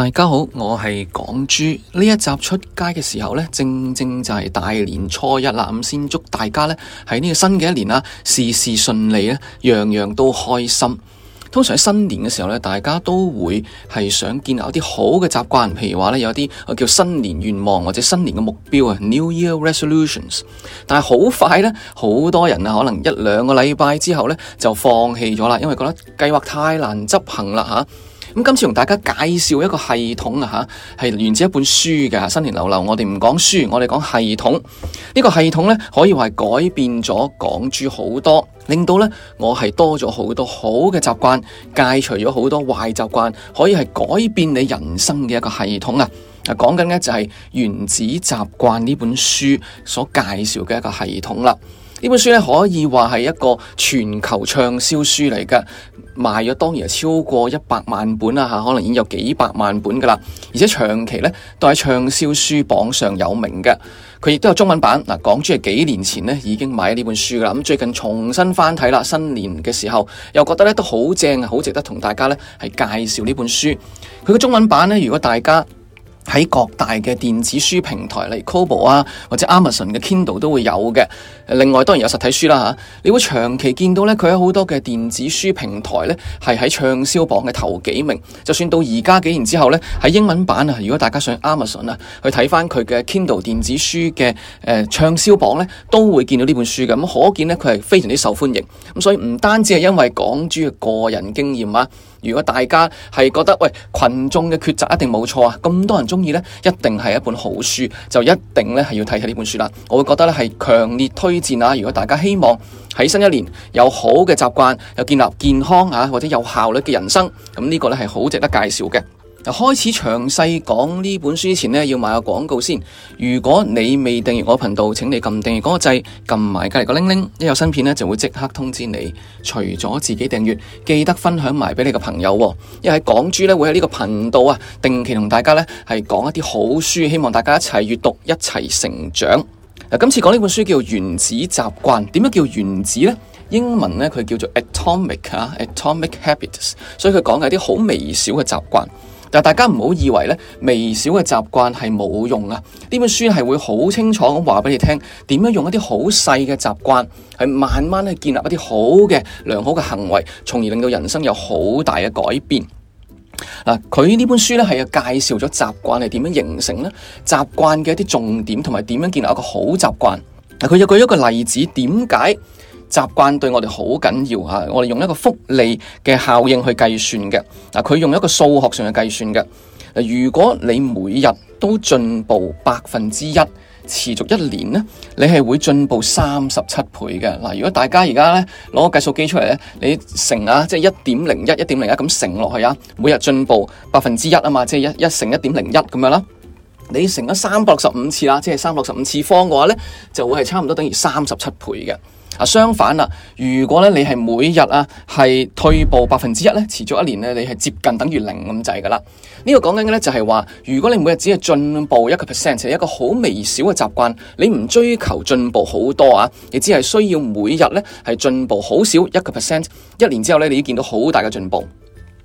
大家好，我係港豬。呢一集出街嘅時候呢，正正就係大年初一啦。咁先祝大家咧，喺呢個新嘅一年啊，事事順利啊，樣樣都開心。通常喺新年嘅時候呢，大家都會係想建立一啲好嘅習慣，譬如話咧，有啲叫新年願望或者新年嘅目標啊，New Year Resolutions。但係好快呢，好多人啊，可能一兩個禮拜之後呢，就放棄咗啦，因為覺得計劃太難執行啦吓。今次同大家介紹一個系統啊，吓係源自一本書嘅。新年流流，我哋唔講書，我哋講系統。呢個系統咧，可以話係改變咗港豬好多，令到咧我係多咗好多好嘅習慣，戒除咗好多壞習慣，可以係改變你人生嘅一個系統啊。啊講緊嘅就係《原子習慣》呢本書所介紹嘅一個系統啦。呢本書咧可以話係一個全球暢銷書嚟㗎，賣咗當然係超過一百萬本啦，可能已經有幾百萬本㗎啦，而且長期呢都喺暢銷書榜上有名嘅。佢亦都有中文版嗱，港豬係幾年前呢已經買咗呢本書㗎啦，咁最近重新翻睇啦，新年嘅時候又覺得呢都好正，好值得同大家呢係介紹呢本書。佢嘅中文版呢，如果大家，喺各大嘅電子書平台，例如 Kobo 啊，或者 Amazon 嘅 Kindle 都會有嘅。另外當然有實體書啦嚇、啊。你會長期見到咧，佢有好多嘅電子書平台咧，係喺暢銷榜嘅頭幾名。就算到而家幾年之後咧，喺英文版啊，如果大家上 Amazon 啊，去睇翻佢嘅 Kindle 電子書嘅誒暢銷榜咧，都會見到呢本書嘅。咁可見咧，佢係非常之受歡迎。咁所以唔單止係因為港豬嘅個人經驗啊。如果大家係覺得喂，群眾嘅抉擇一定冇錯啊，咁多人鍾意呢，一定係一本好書，就一定呢係要睇下呢本書啦。我會覺得呢係強烈推薦啊！如果大家希望喺新一年有好嘅習慣，有建立健康啊或者有效率嘅人生，咁呢個呢係好值得介紹嘅。開始詳細講呢本書之前呢，要買個廣告先。如果你未訂閱我頻道，請你撳訂閱嗰個掣，撳埋隔籬個鈴鈴，一有新片呢就會即刻通知你。除咗自己訂閱，記得分享埋畀你個朋友喎。因為喺港豬呢會喺呢個頻道啊，定期同大家呢係講一啲好書，希望大家一齊閱讀，一齊成長。啊，今次講呢本書叫《原子習慣》，點樣叫原子呢？英文呢，佢叫做 atomic 啊，atomic habits，所以佢講嘅係啲好微小嘅習慣。但大家唔好以為呢微小嘅習慣係冇用啦。呢本書係會好清楚咁話畀你聽，點樣用一啲好細嘅習慣，係慢慢去建立一啲好嘅良好嘅行為，從而令到人生有好大嘅改變嗱。佢、啊、呢本書呢係介紹咗習慣係點樣形成呢，習慣嘅一啲重點，同埋點樣建立一個好習慣。嗱、啊，佢有舉一,一個例子，點解？習慣對我哋好緊要嚇，我哋用一個複利嘅效應去計算嘅。嗱，佢用一個數學上去計算嘅。如果你每日都進步百分之一，持續一年咧，你係會進步三十七倍嘅。嗱，如果大家而家咧攞個計數機出嚟咧，你乘啊，即係一點零一、一點零一咁乘落去啊，每日進步百分之一啊嘛，即係一、一乘一點零一咁樣啦。你乘咗三百六十五次啦，即係三百六十五次方嘅話咧，就會係差唔多等於三十七倍嘅。啊，相反啦，如果咧你係每日啊係退步百分之一咧，持續一年咧，你係接近等於零咁滯噶啦。呢個講緊嘅咧就係話，如果你每日只係進步一個 percent，係一個好微小嘅習慣，你唔追求進步好多啊，你只係需要每日咧係進步好少一個 percent，一年之後咧你都見到好大嘅進步。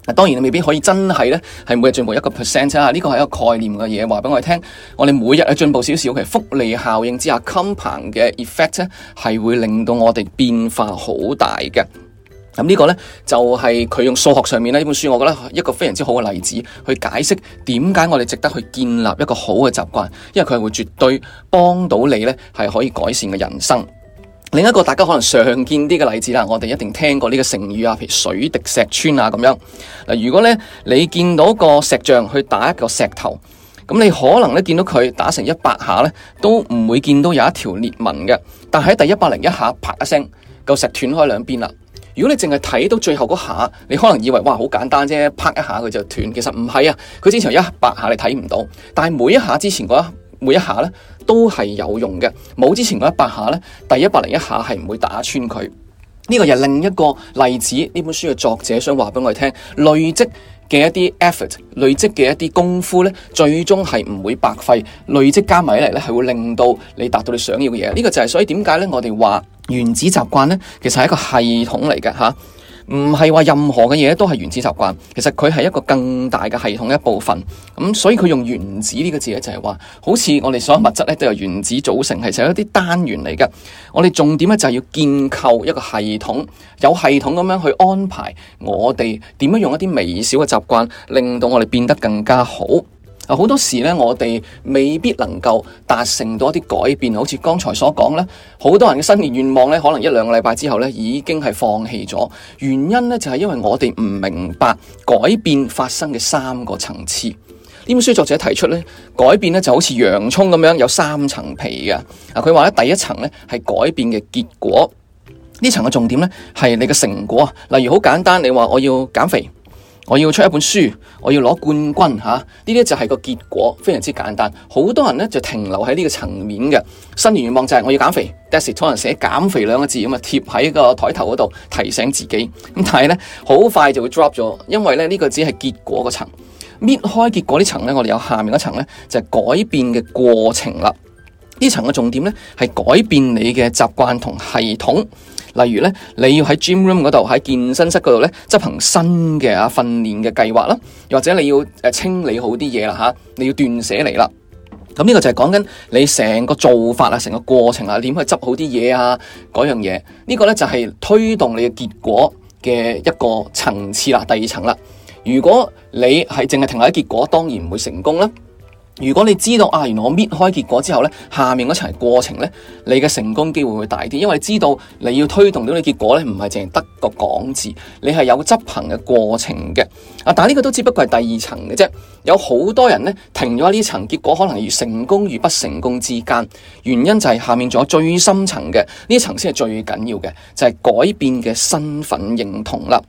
嗱，當然你未必可以真係咧，係每，每日進步一個 percent 啊！呢個係一個概念嘅嘢，話俾我哋聽。我哋每日去進步少少，其實複利效應之下，compound 嘅 effect 咧，係會令到我哋變化好大嘅。咁呢個咧就係、是、佢用數學上面咧呢本書，我覺得一個非常之好嘅例子，去解釋點解我哋值得去建立一個好嘅習慣，因為佢係會絕對幫到你咧，係可以改善嘅人生。另一個大家可能常見啲嘅例子啦，我哋一定聽過呢個成語啊，譬如水滴石穿啊咁樣。嗱，如果咧你見到個石像去打一個石頭，咁你可能咧見到佢打成一百下咧，都唔會見到有一條裂紋嘅。但喺第一百零一下，啪一聲，嚿石斷開兩邊啦。如果你淨係睇到最後嗰下，你可能以為哇好簡單啫，啪一下佢就斷。其實唔係啊，佢之前一百下你睇唔到，但係每一下之前嗰、那、一、個每一下咧，都係有用嘅。冇之前嗰一百下咧，第一百零一下係唔會打穿佢。呢個又另一個例子。呢本書嘅作者想話俾我哋聽，累積嘅一啲 effort，累積嘅一啲功夫咧，最終係唔會白費。累積加埋起嚟咧，係會令到你達到你想要嘅嘢。呢個就係。所以點解咧，我哋話原子習慣咧，其實係一個系統嚟嘅吓。唔係話任何嘅嘢都係原子習慣，其實佢係一個更大嘅系統一部分，咁所以佢用原子呢個字咧，就係話，好似我哋所有物質咧都由原子組成，係成一啲單元嚟嘅。我哋重點咧，就係要建構一個系統，有系統咁樣去安排我哋點樣用一啲微小嘅習慣，令到我哋變得更加好。好多時咧，我哋未必能夠達成到一啲改變，好似剛才所講咧，好多人嘅新年願望咧，可能一兩個禮拜之後咧，已經係放棄咗。原因咧，就係因為我哋唔明白改變發生嘅三個層次。呢本書作者提出咧，改變咧就好似洋蔥咁樣，有三層皮嘅。啊，佢話咧，第一層咧係改變嘅結果，呢層嘅重點咧係你嘅成果啊。例如好簡單，你話我要減肥。我要出一本書，我要攞冠軍嚇，呢、啊、啲就係個結果，非常之簡單。好多人咧就停留喺呢個層面嘅新年願望就係我要減肥，d 大家可能寫減肥兩個字咁啊貼喺個台頭嗰度提醒自己，咁但係咧好快就會 drop 咗，因為咧呢、呢個只係結果嘅層。搣開結果層呢層咧，我哋有下面嗰層咧就係、係、改變嘅過程啦。呢層嘅重點咧係改變你嘅習慣同系統。例如咧，你要喺 gym room 嗰度喺健身室嗰度咧執行新嘅啊訓練嘅計劃啦，或者你要誒清理好啲嘢啦吓，你要斷捨離啦。咁呢個就係講緊你成個做法啊，成個過程啊，點去執好啲嘢啊嗰樣嘢，呢個咧就係推動你嘅結果嘅一個層次啦，第二層啦。如果你係淨係停留喺結果，當然唔會成功啦。如果你知道啊，原來我搣開結果之後呢，下面嗰層過程呢，你嘅成功機會會大啲，因為你知道你要推動到啲結果呢，唔係淨係得個講字，你係有執行嘅過程嘅。啊，但係呢個都只不過係第二層嘅啫，有好多人呢，停咗呢層，結果可能係成功與不成功之間，原因就係下面仲有最深層嘅呢層先係最緊要嘅，就係改變嘅身份認同啦。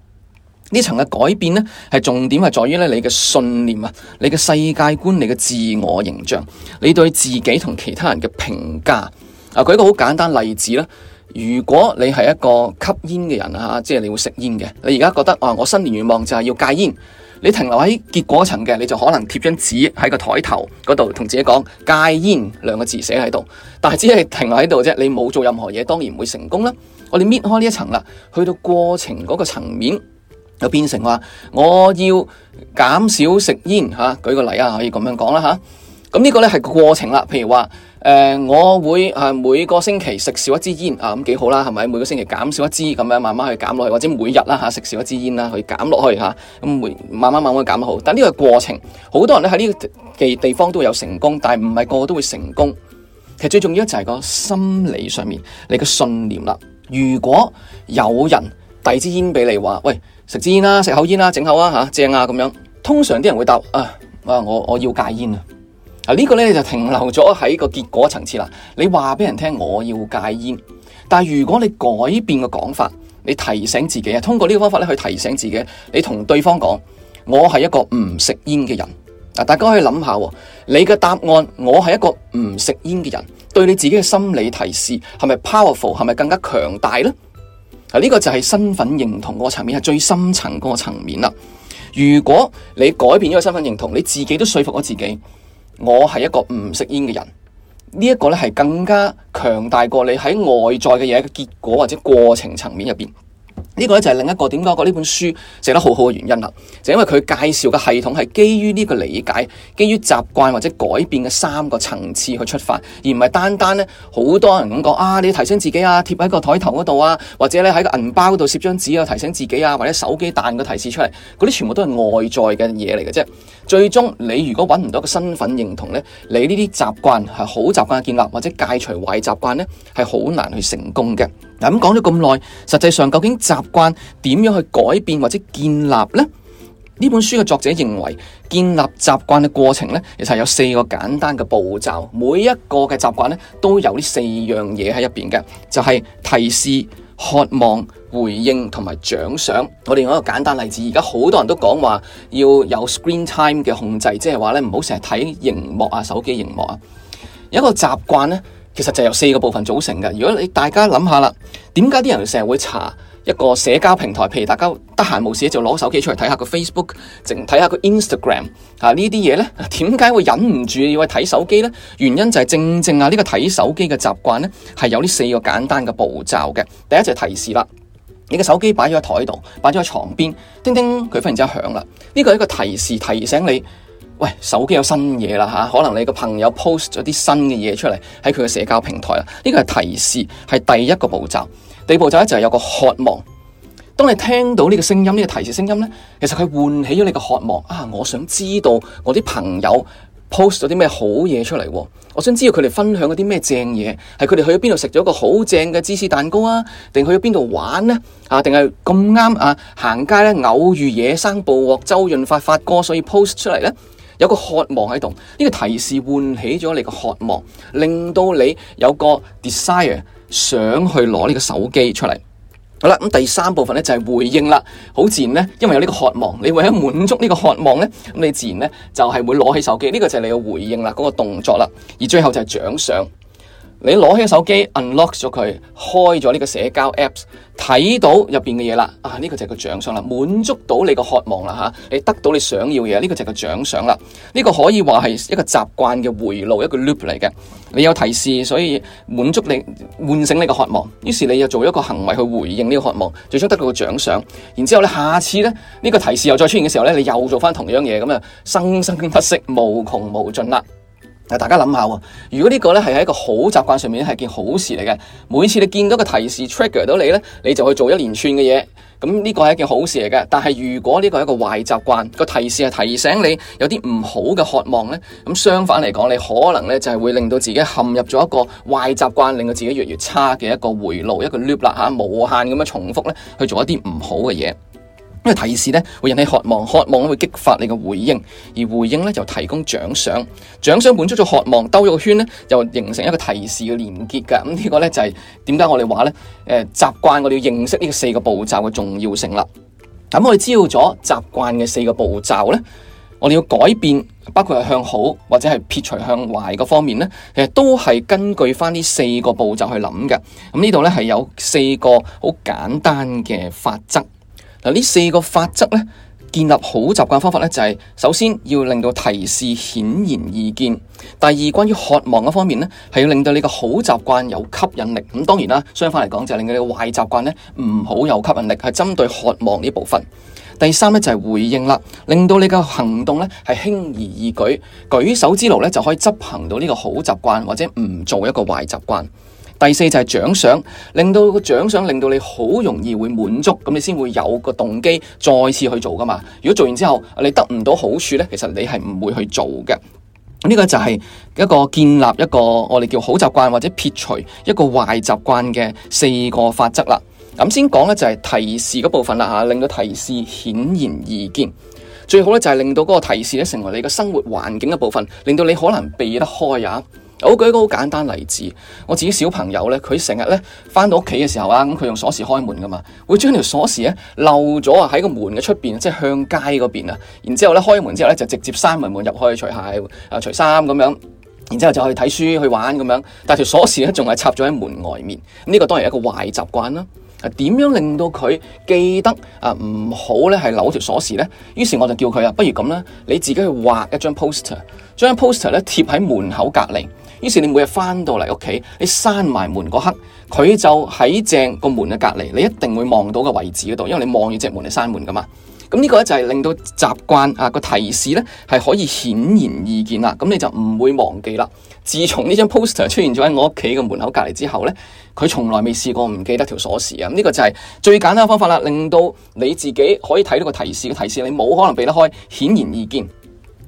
呢層嘅改變呢，係重點係在於咧，你嘅信念啊，你嘅世界觀，你嘅自我形象，你對自己同其他人嘅評價啊。舉個好簡單例子啦，如果你係一個吸煙嘅人啊，即係你會食煙嘅，你而家覺得啊，我新年願望就係要戒煙。你停留喺結果層嘅，你就可能貼張紙喺個台頭嗰度，同自己講戒煙兩個字寫喺度，但係只係停留喺度啫，你冇做任何嘢，當然唔會成功啦。我哋搣開呢一層啦，去到過程嗰個層面。就變成話我要減少食煙嚇、啊，舉個例啊，可以咁樣講啦嚇。咁、啊、呢個咧係個過程啦。譬如話誒、呃，我會誒、啊、每個星期食少一支煙啊，咁幾好啦，係咪每個星期減少一支，咁樣慢慢去減落去，或者每日啦嚇、啊、食少一支煙啦去減落去嚇咁，會、啊、慢慢慢慢減好。但呢個係過程，好多人咧喺呢個地地方都有成功，但唔係個個都會成功。其實最重要就係個心理上面你嘅信念啦。如果有人遞支煙俾你話，喂～食支煙啦，食、啊、口煙啦、啊，整口啊吓、啊，正啊咁樣。通常啲人會答啊啊，我我要戒煙啊。嗱、這個、呢個咧就停留咗喺個結果層次啦。你話俾人聽我要戒煙，但係如果你改變個講法，你提醒自己啊，通過呢個方法咧去提醒自己，你同對方講，我係一個唔食煙嘅人。嗱，大家可以諗下喎，你嘅答案我係一個唔食煙嘅人，對你自己嘅心理提示係咪 powerful，係咪更加強大咧？呢個就係身份認同個層面，係最深層嗰個層面啦。如果你改變咗個身份認同，你自己都説服咗自己，我係一個唔食煙嘅人，呢一個咧係更加強大過你喺外在嘅嘢嘅結果或者過程層面入邊。呢個呢，就係另一個點解我覺得呢本書寫得好好嘅原因啦，就因為佢介紹嘅系統係基於呢個理解、基於習慣或者改變嘅三個層次去出發，而唔係單單呢。好多人咁講啊，你提醒自己啊，貼喺個台頭嗰度啊，或者咧喺個銀包度攝張紙啊，提醒自己啊，或者手機彈個提示出嚟，嗰啲全部都係外在嘅嘢嚟嘅啫。最終你如果搵唔到個身份認同呢，你呢啲習慣係好習慣嘅建立或者戒除壞習慣呢，係好難去成功嘅。嗱，咁講咗咁耐，實際上究竟習慣點樣去改變或者建立咧？呢本書嘅作者認為，建立習慣嘅過程呢，其實有四個簡單嘅步驟，每一個嘅習慣呢，都有呢四樣嘢喺入邊嘅，就係提示、渴望。回應同埋獎賞，我哋講一個簡單例子。而家好多人都講話要有 screen time 嘅控制，即係話咧，唔好成日睇熒幕啊，手機熒幕啊。有一個習慣咧，其實就由四個部分組成嘅。如果你大家諗下啦，點解啲人成日會查一個社交平台？譬如大家得閒冇事就攞手機出嚟睇下個 Facebook，淨睇下個 Instagram 啊。呢啲嘢呢，點解會忍唔住要去睇手機呢？原因就係正正啊，呢個睇手機嘅習慣呢，係有呢四個簡單嘅步驟嘅。第一就提示啦。你嘅手機擺咗喺台度，擺咗喺床邊，叮叮佢忽然之間響啦。呢個係一個提示，提醒你，喂，手機有新嘢啦嚇，可能你個朋友 post 咗啲新嘅嘢出嚟喺佢嘅社交平台啦。呢個係提示，係第一個步驟。第二步驟咧就係有個渴望。當你聽到呢個聲音，呢個提示聲音咧，其實佢喚起咗你嘅渴望。啊，我想知道我啲朋友 post 咗啲咩好嘢出嚟？我想知道佢哋分享嗰啲咩正嘢，係佢哋去咗邊度食咗個好正嘅芝士蛋糕啊，定去咗邊度玩呢？啊，定係咁啱啊行街咧，偶遇野生捕獲周潤發發哥，所以 post 出嚟咧，有個渴望喺度。呢個提示喚起咗你個渴望，令到你有個 desire 想去攞呢個手機出嚟。好啦，咁第三部分呢就係、是、回應啦，好自然呢，因為有呢個渴望，你為咗滿足呢個渴望呢，咁你自然呢就係、是、會攞起手機，呢、這個就係你嘅回應啦，嗰、那個動作啦，而最後就係獎賞。你攞起手機 unlock 咗佢，開咗呢個社交 apps，睇到入邊嘅嘢啦，啊呢個就係個獎賞啦，滿足到你個渴望啦嚇、啊，你得到你想要嘅嘢，呢個就係個獎賞啦。呢個可以話係一個習慣嘅回路，一個 loop 嚟嘅。你有提示，所以滿足你，喚醒你嘅渴望，於是你又做一個行為去回應呢個渴望，最終得到個獎賞。然之後咧，下次咧，呢個提示又再出現嘅時候咧，你又做翻同樣嘢，咁啊生生不息，無窮無盡啦。大家諗下喎。如果呢個咧係喺一個好習慣上面，係件好事嚟嘅。每次你見到個提示 trigger 到你咧，你就去做一連串嘅嘢。咁、這、呢個係一件好事嚟嘅。但係如果呢個是一個壞習慣，個提示係提醒你有啲唔好嘅渴望咧，咁相反嚟講，你可能咧就係會令到自己陷入咗一個壞習慣，令到自己越嚟越差嘅一個回路一個 loop 啦，無限咁樣重複咧去做一啲唔好嘅嘢。因為提示咧會引起渴望，渴望會激發你嘅回應，而回應咧又提供獎賞，獎賞滿足咗渴望，兜咗圈咧又形成一個提示嘅連結噶。咁、嗯這個、呢個咧就係點解我哋話咧，誒、呃、習慣我哋要認識呢個四個步驟嘅重要性啦。咁、嗯、我哋知道咗習慣嘅四個步驟咧，我哋要改變，包括係向好或者係撇除向壞嘅方面咧，其實都係根據翻呢四個步驟去諗嘅。咁、嗯、呢度咧係有四個好簡單嘅法則。呢四個法則咧，建立好習慣方法咧，就係首先要令到提示顯然易見；第二，關於渴望嗰方面咧，係要令到你嘅好習慣有吸引力。咁當然啦，相反嚟講就係令到你嘅壞習慣咧唔好有吸引力，係針對渴望呢部分。第三咧就係回應啦，令到你嘅行動咧係輕而易舉，舉手之勞咧就可以執行到呢個好習慣或者唔做一個壞習慣。第四就係獎賞，令到個獎賞令到你好容易會滿足，咁你先會有個動機再次去做噶嘛。如果做完之後你得唔到好處咧，其實你係唔會去做嘅。呢個就係一個建立一個我哋叫好習慣或者撇除一個壞習慣嘅四個法則啦。咁先講咧就係提示嗰部分啦吓，令到提示顯然而見，最好咧就係令到嗰個提示咧成為你嘅生活環境嘅部分，令到你好難避得開啊。我舉一個好簡單例子，我自己小朋友呢，佢成日呢返到屋企嘅時候啊，咁、嗯、佢用鎖匙開門㗎嘛，會將條鎖匙呢漏咗啊喺個門嘅出邊，即係向街嗰邊啊。然之後呢，開門之後呢，就直接閂埋門，門入去，除鞋啊，除衫咁樣，然之後就去睇書去玩咁樣。但係條鎖匙呢，仲係插咗喺門外面，呢、這個當然係一個壞習慣啦。點樣令到佢記得啊唔好呢？係扭條鎖匙呢？於是我就叫佢啊，不如咁啦，你自己去畫一張 poster，將 poster 呢貼喺門口隔離。於是你每日返到嚟屋企，你閂埋門嗰刻，佢就喺正個門嘅隔籬，你一定會望到個位置嗰度，因為你望住隻門你閂門噶嘛。咁呢個咧就係令到習慣啊個提示咧係可以顯然易見啦。咁你就唔會忘記啦。自從呢張 poster 出現咗喺我屋企嘅門口隔籬之後咧，佢從來未試過唔記得條鎖匙啊。呢個就係最簡單嘅方法啦，令到你自己可以睇到個提示嘅提示，你冇可能避得開，顯然易見。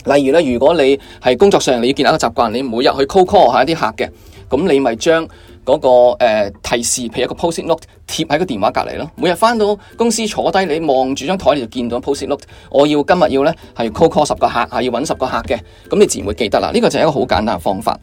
例如咧，如果你係工作上你要建立一個習慣，你每日去 call call 下一啲客嘅，咁你咪將嗰個、呃、提示，譬如一個 post-it note 貼喺個電話隔離咯。每日返到公司坐低，你望住張枱你就見到 post-it note，我要今日要咧係 call call 十個客，係要揾十個客嘅，咁你自然會記得啦。呢、這個就係一個好簡單嘅方法。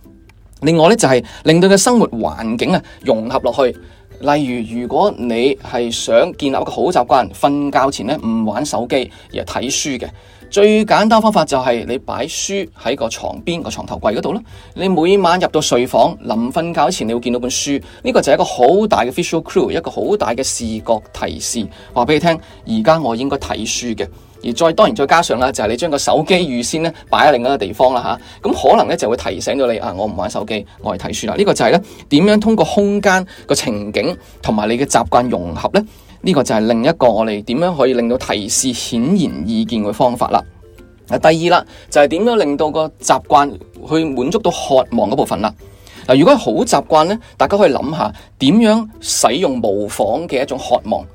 另外咧就係、是、令到嘅生活環境啊融合落去。例如如果你係想建立一個好習慣，瞓覺前咧唔玩手機而係睇書嘅。最簡單方法就係你擺書喺個床邊個床頭櫃嗰度啦。你每晚入到睡房臨瞓覺前，你會見到本書，呢、這個就係一個好大嘅 visual cue，一個好大嘅視覺提示。話俾你聽，而家我應該睇書嘅。而再當然再加上啦，就係、是、你將個手機預先咧擺喺另一個地方啦嚇。咁、啊、可能咧就會提醒到你啊，我唔玩手機，我係睇書啦。呢、這個就係咧點樣通過空間個情景同埋你嘅習慣融合咧？呢個就係另一個我哋點樣可以令到提示顯然易見，嘅方法啦。嗱，第二啦，就係、是、點樣令到個習慣去滿足到渴望嗰部分啦。嗱，如果係好習慣咧，大家可以諗下點樣使用模仿嘅一種渴望。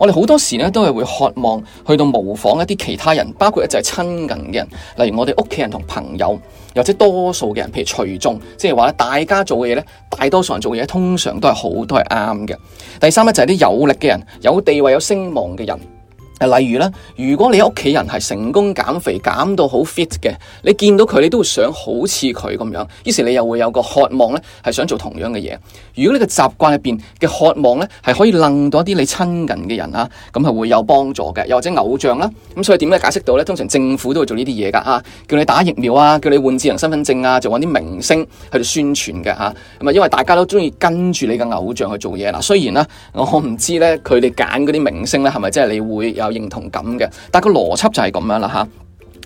我哋好多時咧都係會渴望去到模仿一啲其他人，包括一就係親近嘅人，例如我哋屋企人同朋友，或者多數嘅人，譬如隨眾，即係話大家做嘅嘢咧，大多數人做嘅嘢通常都係好，都係啱嘅。第三咧就係啲有力嘅人，有地位、有聲望嘅人。例如咧，如果你屋企人係成功減肥減到好 fit 嘅，你見到佢你都會想好似佢咁樣，於是你又會有個渴望咧，係想做同樣嘅嘢。如果你個習慣入邊嘅渴望咧，係可以掹到一啲你親近嘅人啊，咁係會有幫助嘅，又或者偶像啦。咁所以點解解釋到咧？通常政府都會做呢啲嘢㗎啊，叫你打疫苗啊，叫你換智能身份證啊，就揾啲明星去度宣傳嘅嚇。咁啊，因為大家都中意跟住你嘅偶像去做嘢嗱、啊。雖然啦，我唔知咧佢哋揀嗰啲明星咧係咪真係你會認同感嘅，但係個邏輯就係咁樣啦吓。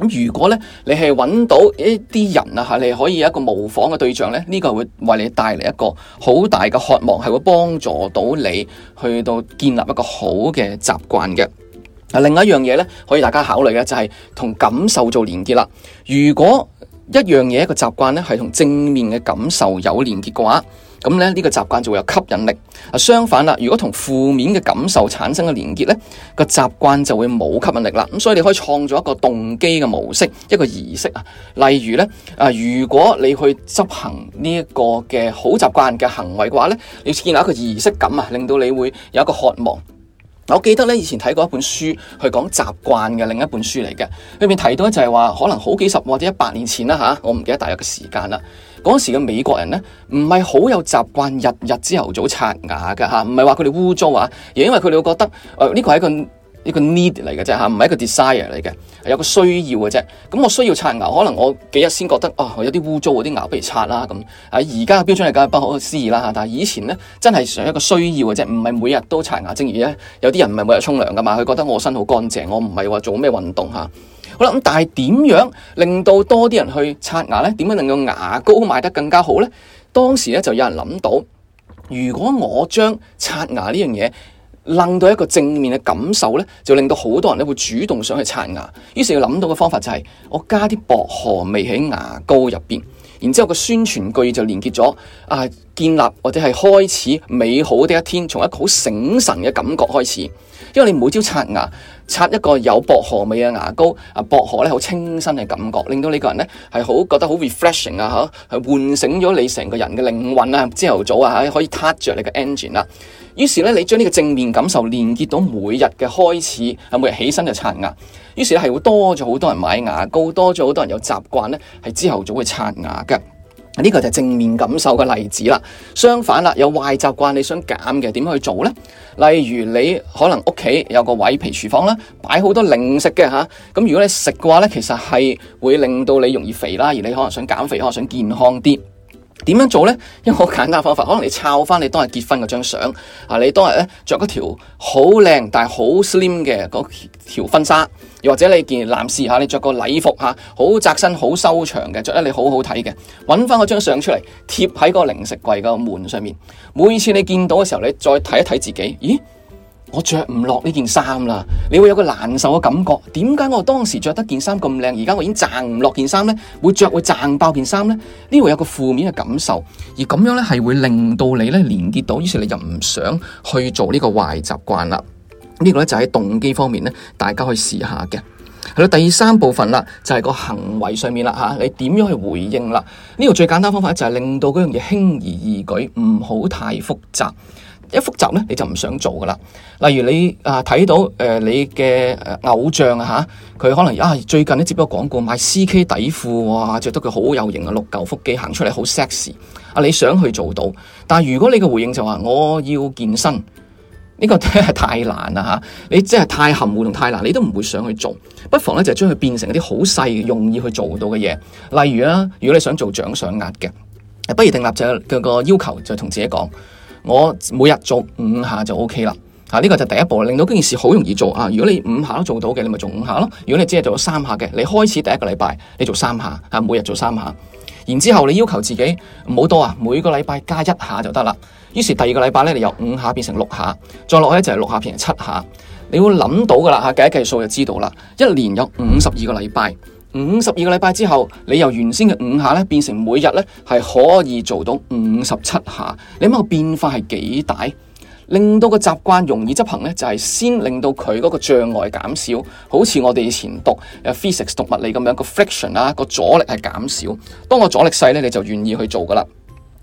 咁如果咧，你係揾到一啲人啊吓，你可以有一個模仿嘅對象咧，呢個會為你帶嚟一個好大嘅渴望，係會幫助到你去到建立一個好嘅習慣嘅。啊，另外一樣嘢咧，可以大家考慮嘅就係同感受做連結啦。如果一樣嘢一個習慣咧，係同正面嘅感受有連結嘅話。咁咧呢個習慣就會有吸引力。啊，相反啦，如果同負面嘅感受產生嘅連結呢，呢個習慣就會冇吸引力啦。咁所以你可以創造一個動機嘅模式，一個儀式啊。例如呢，啊，如果你去執行呢一個嘅好習慣嘅行為嘅話呢，你要建立一個儀式感啊，令到你會有一個渴望。我記得呢以前睇過一本書，去講習慣嘅另一本書嚟嘅，裏面提到就係話，可能好幾十或者一百年前啦吓，我唔記得大約嘅時間啦。嗰時嘅美國人咧，唔係好有習慣日日朝頭早刷牙噶嚇，唔係話佢哋污糟啊，而因為佢哋會覺得，呢個係一個一個 need 嚟嘅啫嚇，唔、啊、係一個 desire 嚟嘅、啊，有個需要嘅啫。咁我需要刷牙，可能我幾日先覺得，哦，有啲污糟啊，啲牙不如刷啦咁。喺而家嘅標準嚟講，不可思議啦嚇、啊。但係以前咧，真係想一個需要嘅啫，唔係每日都刷牙。正如咧，有啲人唔係每日沖涼噶嘛，佢覺得我身好乾淨，我唔係話做咩運動嚇。啊好啦，但係點樣令到多啲人去刷牙咧？點樣令到牙膏賣得更加好咧？當時咧就有人諗到，如果我將刷牙呢樣嘢，掹到一個正面嘅感受咧，就令到好多人咧會主動想去刷牙。於是要諗到嘅方法就係，我加啲薄荷味喺牙膏入邊。然之後個宣傳句就連結咗啊，建立或者係開始美好的一天，從一個好醒神嘅感覺開始。因為你每朝刷牙，刷一個有薄荷味嘅牙膏，啊薄荷咧好清新嘅感覺，令到你個人咧係好覺得好 refreshing 啊，嗬，係喚醒咗你成個人嘅靈魂啊。朝頭早啊，可以撻着你個 engine 啦、啊。於是咧，你將呢個正面感受連結到每日嘅開始，係、啊、每日起身就刷牙。於是咧係會多咗好多人買牙膏，多咗好多人有習慣呢係之後就會刷牙嘅。呢個就係正面感受嘅例子啦。相反啦，有壞習慣你想減嘅點樣去做呢？例如你可能屋企有個位喺廚房啦，擺好多零食嘅吓。咁、啊、如果你食嘅話呢，其實係會令到你容易肥啦，而你可能想減肥，可能想健康啲。點樣做呢？一個好簡單方法，可能你抄翻你當日結婚嗰張相啊，你當日咧着嗰條好靚但係好 slim 嘅嗰條婚紗，又或者你件男士吓，你着個禮服吓，好窄身好修長嘅，着得你好好睇嘅，搵翻嗰張相出嚟貼喺嗰個零食櫃嘅門上面，每次你見到嘅時候，你再睇一睇自己，咦？我着唔落呢件衫啦，你會有個難受嘅感覺。點解我當時着得件衫咁靚，而家我已經掙唔落件衫咧？會着會掙爆件衫咧？呢度有個負面嘅感受，而咁樣咧係會令到你咧連結到，於是你又唔想去做呢個壞習慣啦。呢、呢個咧就喺動機方面咧，大家可以試下嘅。係咯，第三部分啦，就係、係、個行為上面啦吓，你點樣去回應啦？呢個最簡單方法就係令到嗰樣嘢輕而易舉，唔好太複雜。一複雜，咧，你就唔想做㗎喇。例如你，、呃、你啊，睇到誒你嘅偶像啊，嚇佢可能啊最近咧接咗廣告買 CK 底褲，哇着得佢好有型啊，六嚿腹肌行出嚟好 sexy。啊，你想去做到，但係如果你嘅回應就話我要健身。呢、這個真 係太難啦嚇、啊。你真係太含糊同太難，你都唔會想去做。不妨咧就將佢變成一啲好細容易去做到嘅嘢。例如啊，如果你想做掌上壓嘅，不如訂立就個個要求就同自己講。我每日做五下就 OK 啦，啊呢、這個就第一步，令到件事好容易做啊！如果你五下都做到嘅，你咪做五下咯。如果你只係做咗三下嘅，你開始第一個禮拜你做三下，啊每日做三下，然之後你要求自己唔好多啊，每個禮拜加一下就得啦。於是第二個禮拜咧，你由五下變成六下，再落去就係六下變成七下。你要諗到噶啦，吓、啊、計一計數就知道啦，一年有五十二個禮拜。五十二個禮拜之後，你由原先嘅五下咧變成每日咧係可以做到五十七下，你諗個變化係幾大？令到個習慣容易執行咧，就係先令到佢嗰個障礙減少，好似我哋以前讀 physics 讀物理咁樣，個 friction 啊、個阻力係減少。當我阻力細咧，你就願意去做噶啦。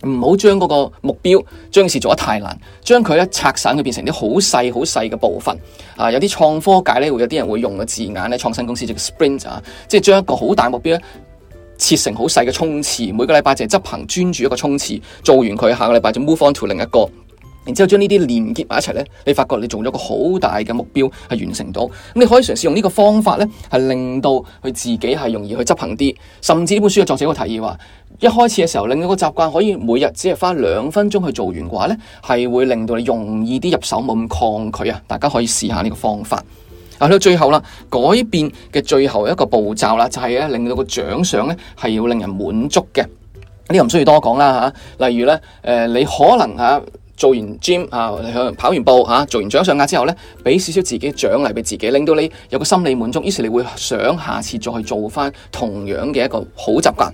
唔好將嗰個目標，將事做得太難，將佢拆散佢，變成啲好細好細嘅部分。啊，有啲創科界會有啲人會用個字眼咧，創新公司叫 Sprint 啊，即係將一個好大目標切成好細嘅衝刺，每個禮拜淨係執行專注一個衝刺，做完佢下個禮拜就 move on to 另一個。然之後將呢啲連結埋一齊呢，你發覺你做咗個好大嘅目標係完成到。你可以嘗試用呢個方法呢，係令到佢自己係容易去執行啲。甚至呢本書嘅作者有個提議話，一開始嘅時候令到個習慣可以每日只係花兩分鐘去做完嘅話呢，係會令到你容易啲入手，冇咁抗拒啊。大家可以試下呢個方法啊。到最後啦，改變嘅最後一個步驟啦，就係咧令到個獎賞呢係要令人滿足嘅。呢個唔需要多講啦嚇，啊。例如呢，誒，呃，你可能嚇。啊做完 gym 啊，跑完步嚇、啊，做完掌上壓之後呢，俾少少自己獎勵俾自己，令到你有個心理滿足，於是你會想下次再做返同樣嘅一個好習慣。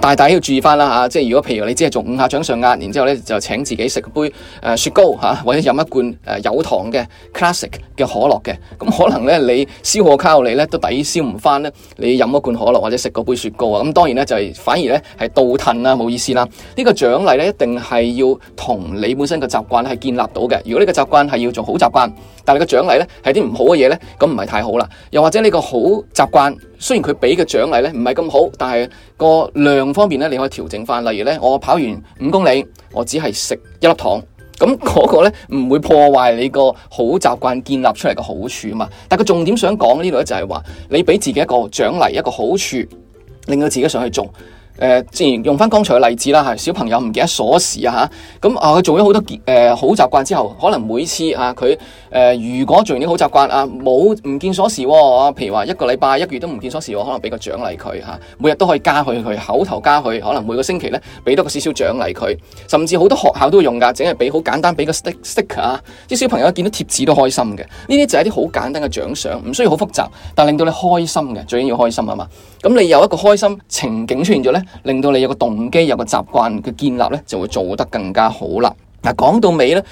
大大要注意翻啦嚇，即係如果譬如你只係做五下掌上壓，然之後咧就請自己食杯誒、呃、雪糕嚇、啊，或者飲一罐誒、呃、有糖嘅 classic 嘅可樂嘅，咁、嗯、可能咧你燒火卡路里咧都抵消唔翻咧，你飲一罐可樂或者食嗰杯雪糕啊，咁、嗯、當然咧就係反而咧係倒騰啦，冇意思啦。這個、獎勵呢個獎勵咧一定係要同你本身嘅習慣係建立到嘅。如果呢個習慣係要做好習慣，但你個獎勵咧係啲唔好嘅嘢咧，咁唔係太好啦。又或者呢個好習慣。雖然佢俾嘅獎勵咧唔係咁好，但係個量方面咧你可以調整返。例如咧，我跑完五公里，我只係食一粒糖，咁嗰個咧唔會破壞你個好習慣建立出嚟嘅好處嘛。但係佢重點想講呢度咧就係話，你俾自己一個獎勵，一個好處，令到自己想去做。誒，自然、呃、用翻剛才嘅例子啦，吓，小朋友唔記得鎖匙啊，吓、嗯、咁啊，佢做咗、呃、好多誒好習慣之後，可能每次啊佢誒、呃、如果做完啲好習慣啊，冇唔見鎖匙喎、哦，譬如話一個禮拜一個月都唔見鎖匙，我可能俾個獎勵佢吓，每日都可以加佢，佢，口頭加佢，可能每個星期咧俾多個少少獎勵佢，甚至好多學校都用噶，淨係俾好簡單，俾個 stick sticker，啲小朋友見到貼紙都開心嘅，呢啲就係一啲好簡單嘅獎賞，唔需要好複雜，但令到你開心嘅，最緊要開心啊嘛，咁你有一個開心情景出現咗咧。令到你有個動機，有個習慣，佢建立咧就會做得更加好啦。嗱，講到尾咧，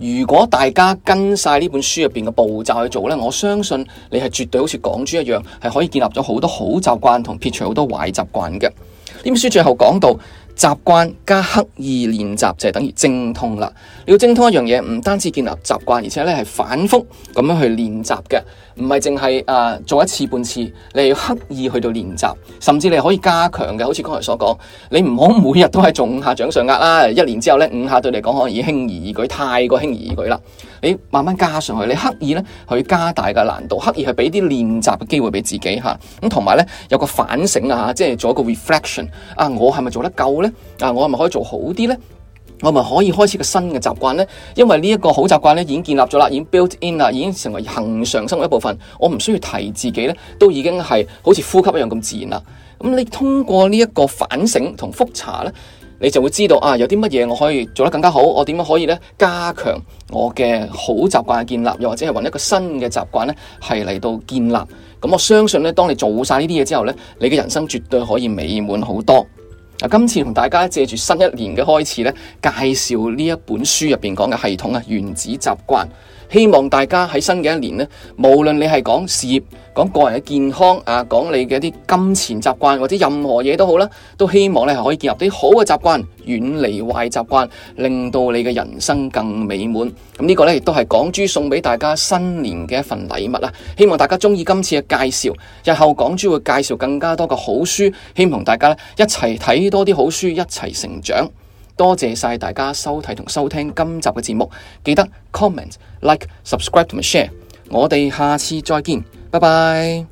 如果大家跟晒呢本書入邊嘅步驟去做咧，我相信你係絕對好似港豬一樣，係可以建立咗好多好習慣，同撇除好多壞習慣嘅。呢本書最後講到習慣加刻意練習就係等於精通啦。你要精通一樣嘢，唔單止建立習慣，而且咧係反覆咁樣去練習嘅。唔係淨係誒做一次半次，你要刻意去到練習，甚至你可以加強嘅。好似剛才所講，你唔好每日都係做五下掌上壓啦。一年之後咧，五下對你嚟講可能已輕而易舉，太過輕而易舉啦。你慢慢加上去，你刻意咧去加大嘅難度，刻意去畀啲練習嘅機會畀自己吓咁，同埋咧有,呢有個反省啊，即係做一個 reflection 啊，我係咪做得夠咧？啊，我係咪可以做好啲咧？我咪可以開始個新嘅習慣呢？因為呢一個好習慣咧已經建立咗啦，已經 built in 啦，已經成為恒常生活一部分。我唔需要提自己呢，都已經係好似呼吸一樣咁自然啦。咁你通過呢一個反省同覆查呢，你就會知道啊，有啲乜嘢我可以做得更加好，我點樣可以呢？加強我嘅好習慣嘅建立，又或者係搵一個新嘅習慣呢，係嚟到建立。咁我相信呢，當你做晒呢啲嘢之後呢，你嘅人生絕對可以美滿好多。今次同大家借住新一年嘅開始呢，介紹呢一本書入邊講嘅系統啊，《原子習慣》。希望大家喺新嘅一年呢，無論你係講事業，講個人嘅健康啊，講你嘅一啲金錢習慣或者任何嘢都好啦，都希望你可以建立啲好嘅習慣，遠離壞習慣，令到你嘅人生更美滿。咁呢個咧亦都係港豬送俾大家新年嘅一份禮物啊！希望大家中意今次嘅介紹。日後港豬會介紹更加多嘅好書，希望大家呢一齊睇多啲好書，一齊成長。多謝晒大家收睇同收聽今集嘅節目，記得 comment、like、subscribe 同 share，我哋下次再見，拜拜。